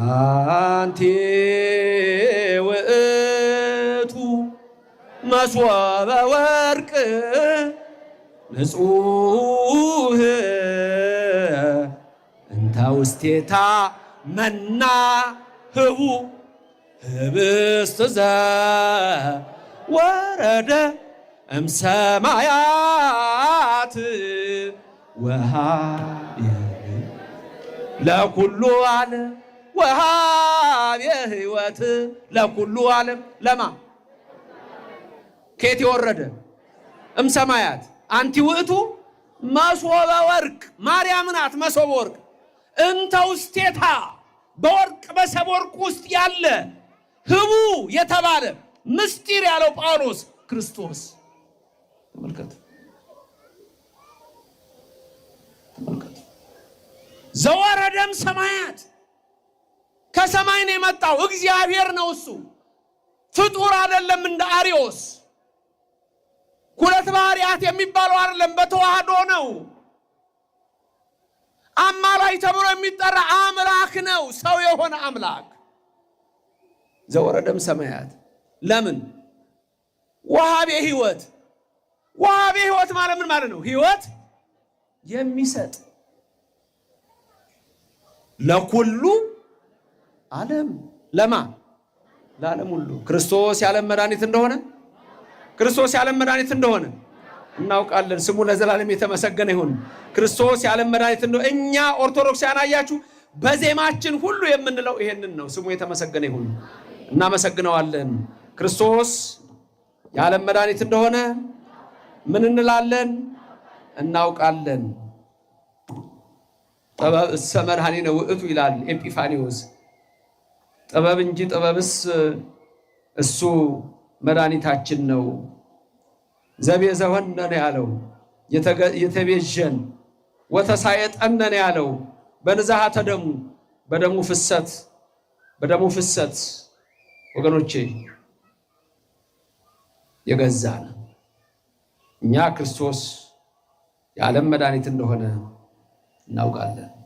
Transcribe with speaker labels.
Speaker 1: አንቲ ውእቱ መሶበ ወርቅ ንጹህ እንተ ውስቴታ መና ህቡ ህብስት ዘ ወረደ እምሰማያት ወሃ ለኩሉ አለ ወሃብ የህይወት ለኩሉ ዓለም ለማ ኬት የወረደ እምሰማያት አንቲ ውእቱ መሶበ ወርቅ ማርያም ናት። መሶበ ወርቅ እንተ ውስቴታ በወርቅ በሰብ ወርቅ ውስጥ ያለ ህቡ የተባለ ምስጢር ያለው ጳውሎስ ክርስቶስ ተመልከት ተመልከት ዘወረደም ሰማያት ከሰማይ ነው የመጣው። እግዚአብሔር ነው እሱ፣ ፍጡር አይደለም። እንደ አሪዎስ ሁለት ባህሪያት የሚባለው አይደለም፣ በተዋህዶ ነው። አማላይ ተብሎ የሚጠራ አምላክ ነው፣ ሰው የሆነ አምላክ ዘወረደም ሰማያት። ለምን ወሃቤ ህይወት ዋቤ ህይወት ማለት ምን ማለት ነው? ህይወት የሚሰጥ ለኩሉ ዓለም ለማ ለዓለም ሁሉ ክርስቶስ የዓለም መድኃኒት እንደሆነ ክርስቶስ የዓለም መድኃኒት እንደሆነ እናውቃለን። ስሙ ለዘላለም የተመሰገነ ይሁን። ክርስቶስ የዓለም መድኃኒት እንደሆነ እኛ ኦርቶዶክሳውያን አያችሁ፣ በዜማችን ሁሉ የምንለው ይሄንን ነው። ስሙ የተመሰገነ ይሁን። እናመሰግነዋለን። ክርስቶስ የዓለም መድኃኒት እንደሆነ ምን እንላለን? እናውቃለን። ሰመድኃኒ ነው ውእቱ ይላል ኤጲፋኒዎስ ጥበብ እንጂ ጥበብስ እሱ መድኃኒታችን ነው። ዘቤዘወነ ነው ያለው የተቤዠን ወተሳየጠነ ነው ያለው በንዛሃ ደሙ በደሙ ፍሰት በደሙ ፍሰት ወገኖቼ የገዛን እኛ ክርስቶስ የዓለም መድኃኒት እንደሆነ እናውቃለን።